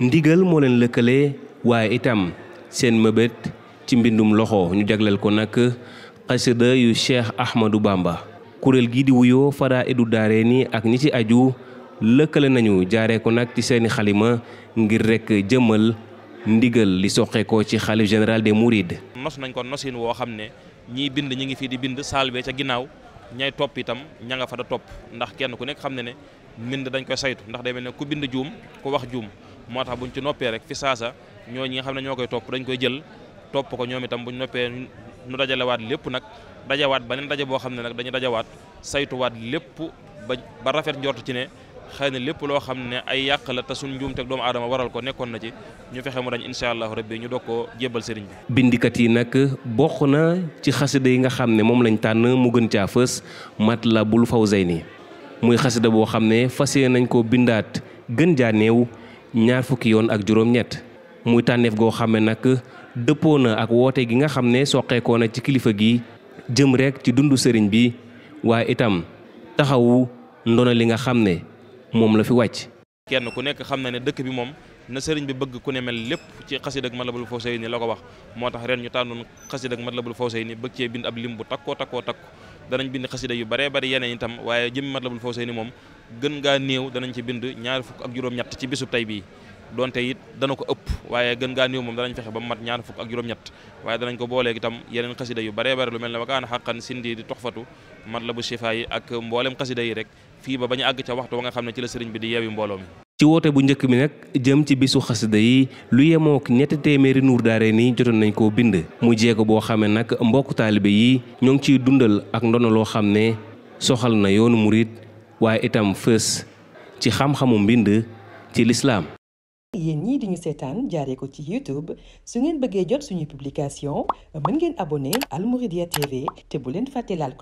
ndigal moo leen lëkkale waaye itam seen mëbét ci mbindum loxo ñu jagleel ko nag xasida yu Cheikh Ahmadou Bamba kuréel gi di wuyoo Fadaa Iddu Daare ni ak ñi ci aju lëkkale nañu jaaree ko nag ci seeni xalima ngir rek jëmal ndigal li soqeekoo ci xalif général de Mourides. nos nañ ko nosin woo xam ne ñiy bind ñi ngi fii di bind saal bee ca ginnaaw ñay topp itam ña nga fa da topp ndax kenn ku nekk xam ne ne mbind dañ koy saytu ndax day mel ne ku bind juum ku wax juum. moo tax bu buñ ci noppee rek fi saasa ñoo ñi nga xam ne ñoo koy topp dañ koy jël topp ko ñoom itam buñ noppee nu dajalewaat lépp nag dajawaat beneen daje boo xam ne nag dañu dajawaat saytuwaat lépp ba ba rafet njort ci ne xëy na lépp loo xam ne ay yàq la te suñ njuumteeg doomu aadama waral ko nekkoon na ci ñu fexe mu dañ allah allahu rabbi ñu doog koo jébbal sëriñ bi. bindikat yi nag bokk na ci xasida yi nga xam ne moom lañ tànn mu gën caa fës Matlabul Fawzayni muy xasida boo xam ne fas yéene nañ koo bindaat gën jaa néew ñaar fukki yoon ak juróom-ñett muy tànneef goo xam ne nag dëppoo na ak woote gi nga xam ne soqeekoo na ci kilifa gi jëm rekk ci dund sëriñ bi waaye itam taxawu ndono li nga xam ne moom la fi wàcc. kenn ku nekk xam na ne dëkk bi moom na sëriñ bi bëgg ku ne mel lépp ci xasida ak Matlabul Fawzayni la ko wax moo tax ren ñu tànnoon xasida ak Matlabul Fawzayni bëgg cee bind ab lim bu takkoo takkoo takku danañ bind xasida yu baree bari yeneen itam waaye jëmmi Matlabul Fawzayni moom gën gaa néew danañ ci bind ñaar fukk ak juróom-ñett ci bisu tey bii donte it dana ko ëpp waaye gën ngaa néew moom danañ fexe ba mat ñaar fukk ak juróom-ñett waaye danañ ko booleeg itam yeneen xasida yu baree bari lu mel ne wakaana xaqan sindi di toxfatu Matlabu Chifa yi ak mboolem xasida rek fii ba bañu àgg ca waxtu wa nga xam ne ci la sëriñ bi di yeewi mbooloo mi ci woote bu njëkk bi nag jëm ci bisu xasida yi lu yemook ñetti téeméeri nuur daare nii jotoon nañ koo bind mu jéego boo xamee nag mbokk taalibe yi ñoo ngi ciy dundal ak ndono loo xam ne soxal na yoonu murit waaye itam fës ci xam-xamu mbind ci lislaam yéen ñii di diñu seetaan jaaree ko ci youtube su ngeen bëggee jot suñu publication mën ngeen abonné Al Mouridiyyah TV te bu leen fàtte laal